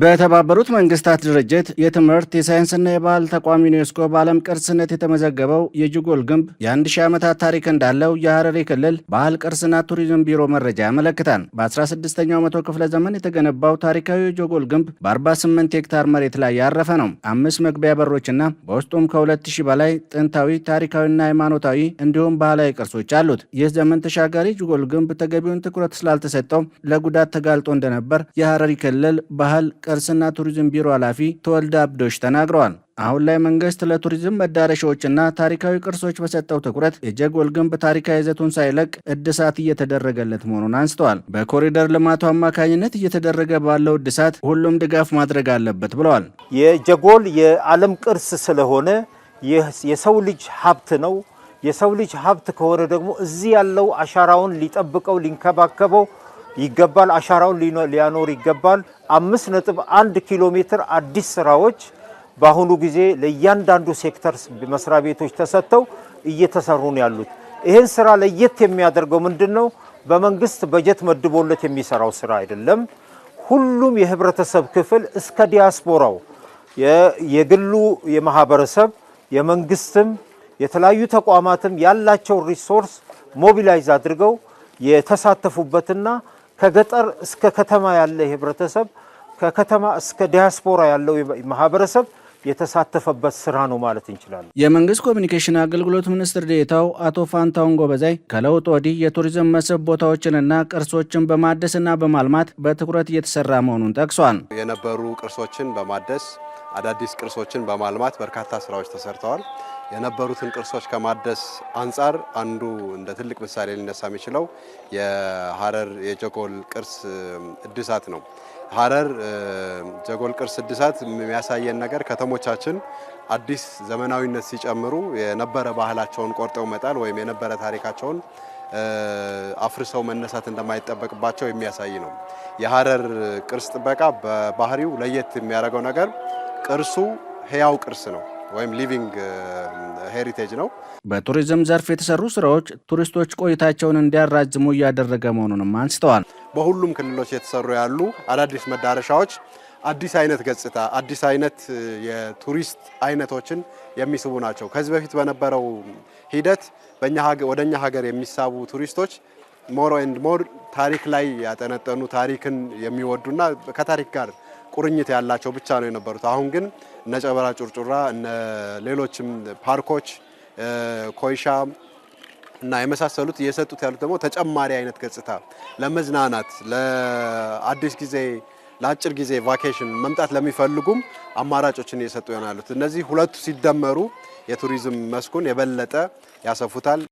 በተባበሩት መንግስታት ድርጅት የትምህርት የሳይንስና የባህል ተቋም ዩኔስኮ በዓለም ቅርስነት የተመዘገበው የጅጎል ግንብ የአንድ ሺህ ዓመታት ታሪክ እንዳለው የሐረሪ ክልል ባህል ቅርስና ቱሪዝም ቢሮ መረጃ ያመለክታል። በ16ኛው መቶ ክፍለ ዘመን የተገነባው ታሪካዊ የጆጎል ግንብ በ48 ሄክታር መሬት ላይ ያረፈ ነው። አምስት መግቢያ በሮችና በውስጡም ከ2000 በላይ ጥንታዊ ታሪካዊና ሃይማኖታዊ እንዲሁም ባህላዊ ቅርሶች አሉት። ይህ ዘመን ተሻጋሪ ጅጎል ግንብ ተገቢውን ትኩረት ስላልተሰጠው ለጉዳት ተጋልጦ እንደነበር የሐረሪ ክልል ባህል ቅርስና ቱሪዝም ቢሮ ኃላፊ ተወልደ አብዶሽ ተናግረዋል። አሁን ላይ መንግስት ለቱሪዝም መዳረሻዎችና ታሪካዊ ቅርሶች በሰጠው ትኩረት የጀጎል ግንብ ታሪካዊ ይዘቱን ሳይለቅ እድሳት እየተደረገለት መሆኑን አንስተዋል። በኮሪደር ልማቱ አማካኝነት እየተደረገ ባለው እድሳት ሁሉም ድጋፍ ማድረግ አለበት ብለዋል። የጀጎል የዓለም ቅርስ ስለሆነ የሰው ልጅ ሀብት ነው። የሰው ልጅ ሀብት ከሆነ ደግሞ እዚህ ያለው አሻራውን ሊጠብቀው ሊንከባከበው ይገባል። አሻራውን ሊያኖር ይገባል። አምስት ነጥብ አንድ ኪሎ ሜትር አዲስ ስራዎች በአሁኑ ጊዜ ለእያንዳንዱ ሴክተር መስሪያ ቤቶች ተሰጥተው እየተሰሩ ነው ያሉት። ይህን ስራ ለየት የሚያደርገው ምንድን ነው? በመንግስት በጀት መድቦለት የሚሰራው ስራ አይደለም። ሁሉም የህብረተሰብ ክፍል እስከ ዲያስፖራው የግሉ የማህበረሰብ የመንግስትም የተለያዩ ተቋማትም ያላቸው ሪሶርስ ሞቢላይዝ አድርገው የተሳተፉበትና ከገጠር እስከ ከተማ ያለ ህብረተሰብ፣ ከከተማ እስከ ዲያስፖራ ያለው ማህበረሰብ የተሳተፈበት ስራ ነው ማለት እንችላለን። የመንግስት ኮሚኒኬሽን አገልግሎት ሚኒስትር ዴታው አቶ ፋንታውን ጎበዛይ ከለውጥ ወዲህ የቱሪዝም መስህብ ቦታዎችንና ቅርሶችን በማደስና በማልማት በትኩረት እየተሰራ መሆኑን ጠቅሷል። የነበሩ ቅርሶችን በማደስ አዳዲስ ቅርሶችን በማልማት በርካታ ስራዎች ተሰርተዋል። የነበሩትን ቅርሶች ከማደስ አንጻር አንዱ እንደ ትልቅ ምሳሌ ሊነሳ የሚችለው የሀረር የጀጎል ቅርስ እድሳት ነው። ሀረር ጀጎል ቅርስ እድሳት የሚያሳየን ነገር ከተሞቻችን አዲስ ዘመናዊነት ሲጨምሩ የነበረ ባህላቸውን ቆርጠው መጣል ወይም የነበረ ታሪካቸውን አፍርሰው መነሳት እንደማይጠበቅባቸው የሚያሳይ ነው። የሀረር ቅርስ ጥበቃ በባህሪው ለየት የሚያደርገው ነገር ቅርሱ ህያው ቅርስ ነው። ወይም ሊቪንግ ሄሪቴጅ ነው። በቱሪዝም ዘርፍ የተሰሩ ስራዎች ቱሪስቶች ቆይታቸውን እንዲያራዝሙ እያደረገ መሆኑንም አንስተዋል። በሁሉም ክልሎች የተሰሩ ያሉ አዳዲስ መዳረሻዎች አዲስ አይነት ገጽታ፣ አዲስ አይነት የቱሪስት አይነቶችን የሚስቡ ናቸው። ከዚህ በፊት በነበረው ሂደት ወደ እኛ ሀገር የሚሳቡ ቱሪስቶች ሞር ኤንድ ሞር ታሪክ ላይ ያጠነጠኑ ታሪክን የሚወዱና ከታሪክ ጋር ቁርኝት ያላቸው ብቻ ነው የነበሩት። አሁን ግን እነ ጨበራ ጩርጩራ፣ እነ ሌሎችም ፓርኮች ኮይሻ እና የመሳሰሉት እየሰጡት ያሉት ደግሞ ተጨማሪ አይነት ገጽታ ለመዝናናት ለአዲስ ጊዜ ለአጭር ጊዜ ቫኬሽን መምጣት ለሚፈልጉም አማራጮችን እየሰጡ ይሆናሉት። እነዚህ ሁለቱ ሲደመሩ የቱሪዝም መስኩን የበለጠ ያሰፉታል።